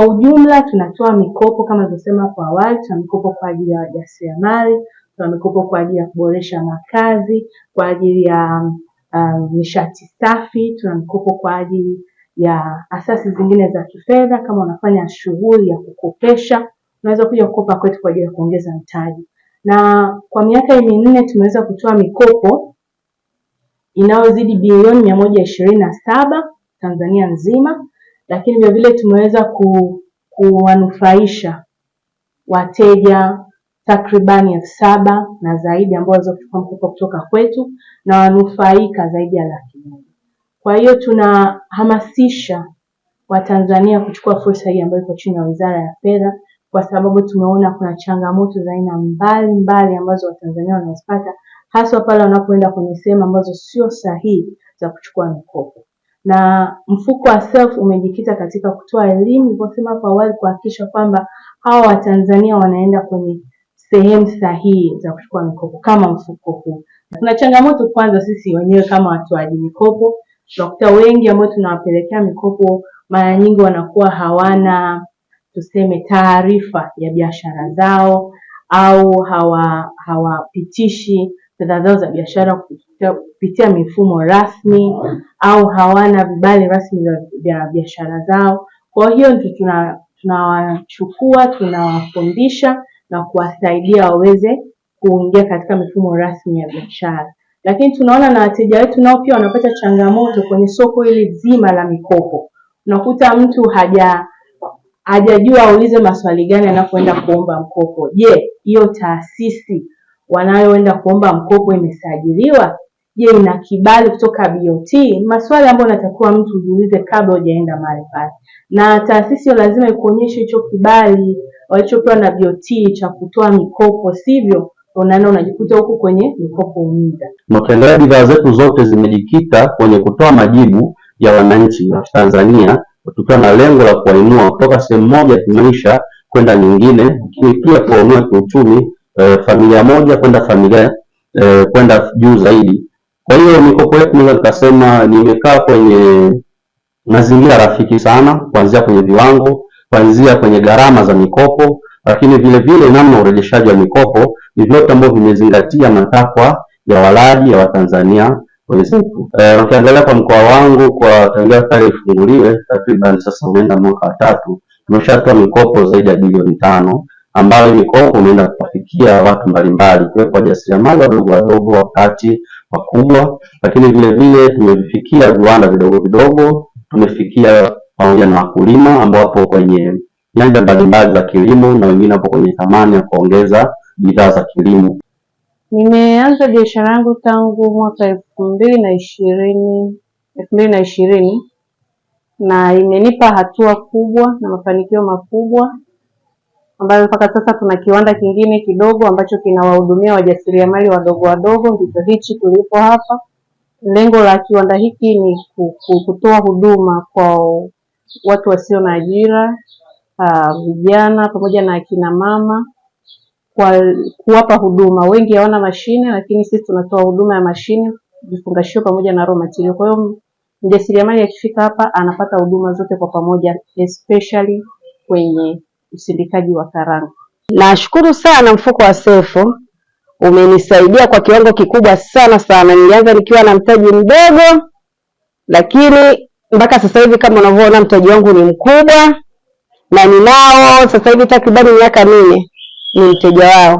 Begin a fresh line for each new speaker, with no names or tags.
Kwa ujumla tunatoa mikopo kama nilivyosema kwa awali, tuna mikopo kwa ajili ya wajasiriamali, tuna mikopo kwa ajili ya kuboresha makazi, kwa ajili ya um, nishati safi, tuna mikopo kwa ajili ya asasi zingine za kifedha. Kama unafanya shughuli ya kukopesha, unaweza kuja kukopa kwetu kwa ajili ya kuongeza mtaji. Na kwa miaka hii minne tumeweza kutoa mikopo inayozidi bilioni mia moja ishirini na saba Tanzania nzima lakini vilevile tumeweza ku, kuwanufaisha wateja takribani elfu saba na zaidi ambao waweza kuchukua mkopo kutoka kwetu na wanufaika zaidi ya laki moja. Kwa hiyo tunahamasisha Watanzania kuchukua fursa hii ambayo iko chini ya Wizara ya Fedha kwa sababu tumeona kuna changamoto za aina mbalimbali ambazo Watanzania wanazipata haswa pale wanapoenda kwenye sehemu ambazo sio sahihi za kuchukua mikopo na mfuko wa SELF umejikita katika kutoa elimu nilivyosema hapo awali, kuhakikisha kwamba hawa Watanzania wanaenda kwenye sehemu sahihi za kuchukua mikopo kama mfuko huu. Kuna changamoto kwanza, sisi wenyewe kama watoaji mikopo tunakuta wengi ambao tunawapelekea mikopo mara nyingi wanakuwa hawana tuseme taarifa ya biashara zao au hawapitishi hawa fedha zao za biashara kupitia mifumo rasmi au hawana vibali rasmi vya biashara zao. Kwa hiyo ndio tunawachukua, tunawafundisha na kuwasaidia waweze kuingia katika mifumo rasmi ya biashara. Lakini tunaona na wateja wetu nao pia wanapata changamoto kwenye soko hili zima la mikopo. Unakuta mtu haja hajajua aulize maswali gani anapoenda kuomba mkopo. Je, hiyo taasisi wanayoenda kuomba mkopo imesajiliwa? Je, ina kibali kutoka BOT? Maswali ambayo natakiwa mtu ujiulize kabla hujaenda mahali pale, na taasisi lazima ikuonyeshe hicho kibali walichopewa na BOT cha kutoa mikopo, sivyo unaenda unajikuta huko kwenye mikopo umiza.
Makala bidhaa zetu zote zimejikita kwenye kutoa majibu ya wananchi wa Tanzania, tukiwa na lengo la kuwainua kutoka sehemu moja ya kimaisha kwenda nyingine, lakini pia kuwainua kiuchumi e, familia moja kwenda familia e, kwenda juu zaidi. Kwa hiyo mikopo yetu naweza nikasema nimekaa kwenye mazingira rafiki sana, kuanzia kwenye viwango, kuanzia kwenye gharama za mikopo, lakini vile vile namna urejeshaji wa mikopo, ni vyote ambavyo vimezingatia matakwa ya walaji ya Watanzania wenzetu. ukiangalia eh, kwa mkoa wangu kwa tangia kale ifunguliwe takriban sasa umeenda mwaka wa tatu, tumeshatoa mikopo zaidi ya bilioni tano ambayo ni mikopo inaenda kuwafikia watu mbalimbali, ikiwepo wajasiriamali wadogo wadogo, wakati wakubwa, lakini vile vile tumevifikia viwanda vidogo vidogo, tumefikia pamoja na wakulima ambao wapo kwenye nyanja mbalimbali za kilimo na wengine wapo kwenye thamani ya kuongeza bidhaa za kilimo.
Nimeanza biashara yangu tangu mwaka elfu mbili na ishirini elfu mbili na ishirini na imenipa hatua kubwa na mafanikio makubwa ambayo mpaka sasa tuna kiwanda kingine kidogo ambacho kinawahudumia wajasiriamali wadogo wadogo, ndicho hichi tulipo hapa. Lengo la kiwanda hiki ni kutoa huduma kwa watu wasio na ajira, ah, vijana pamoja na akina mama, kwa kuwapa huduma. Wengi hawana mashine, lakini sisi tunatoa huduma ya mashine, vifungashio pamoja na raw material. Kwa hiyo mjasiriamali akifika hapa anapata huduma zote kwa pamoja, especially kwenye usindikaji wa karanga. Nashukuru sana mfuko wa Sefu umenisaidia kwa kiwango kikubwa sana sana. Nilianza nikiwa na mtaji mdogo, lakini mpaka sasa hivi kama unavyoona mtaji wangu ni mkubwa na ninao sasa hivi takribani miaka minne ni mteja wao.